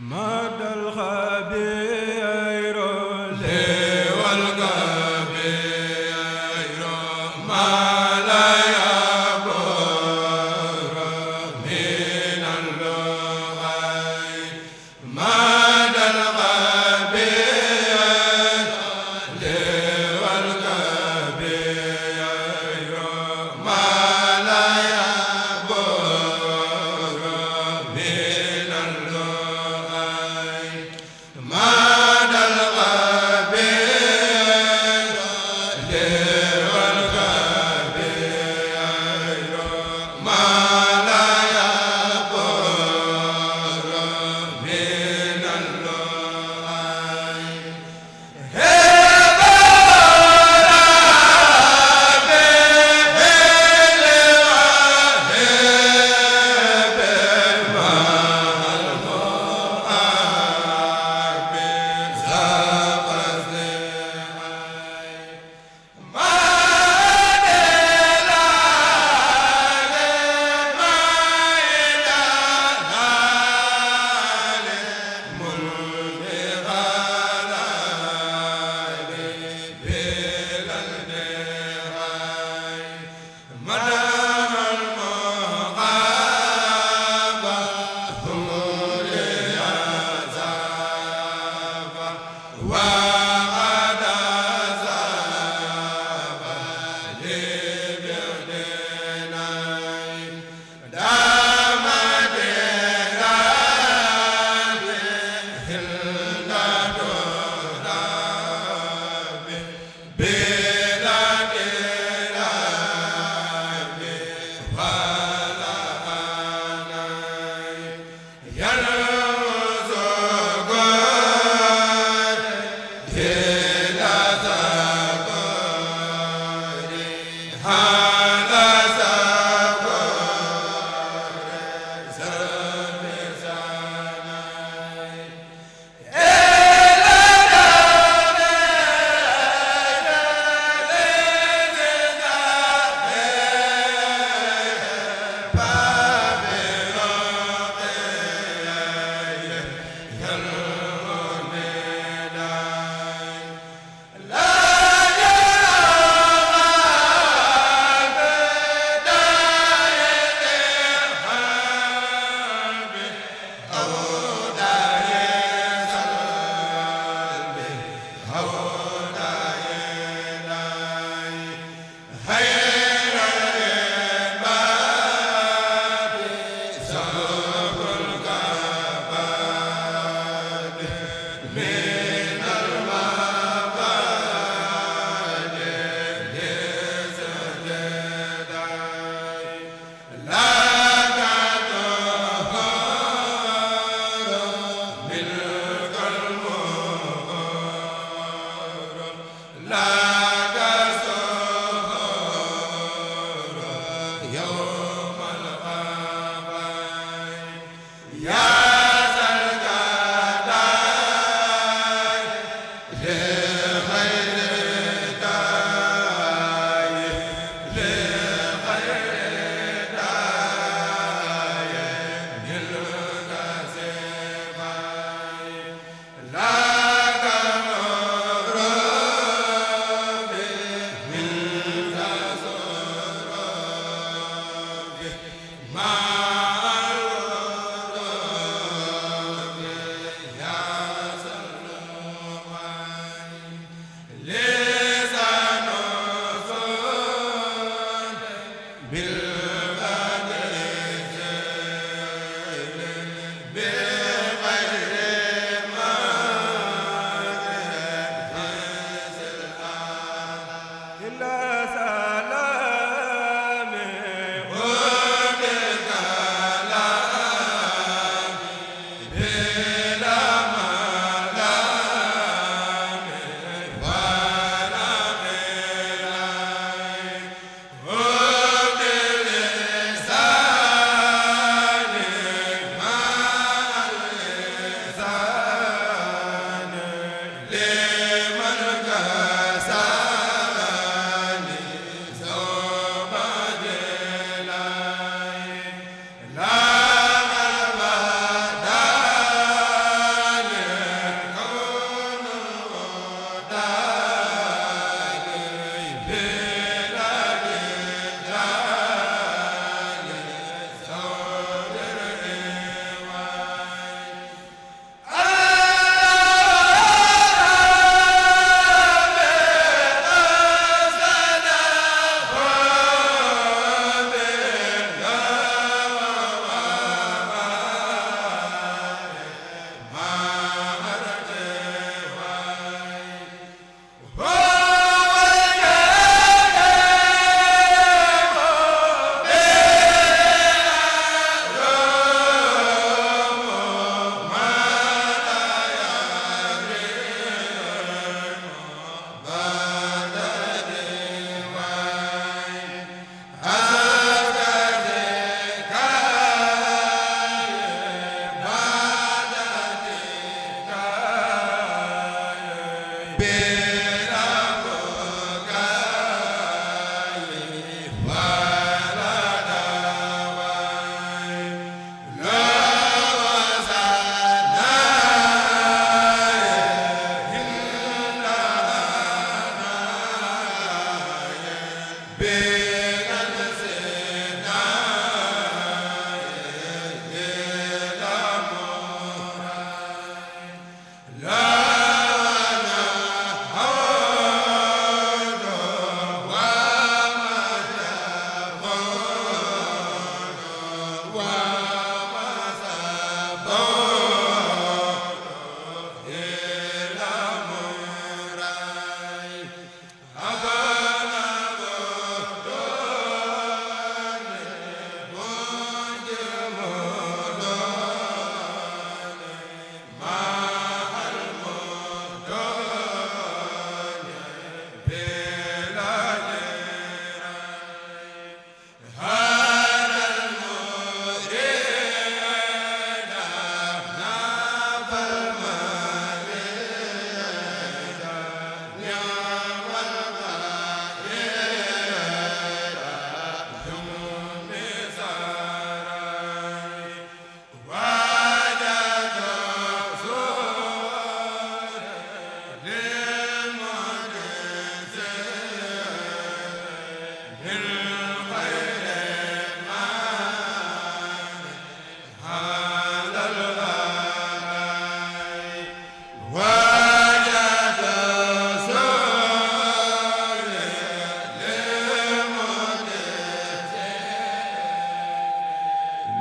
madal xabi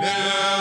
la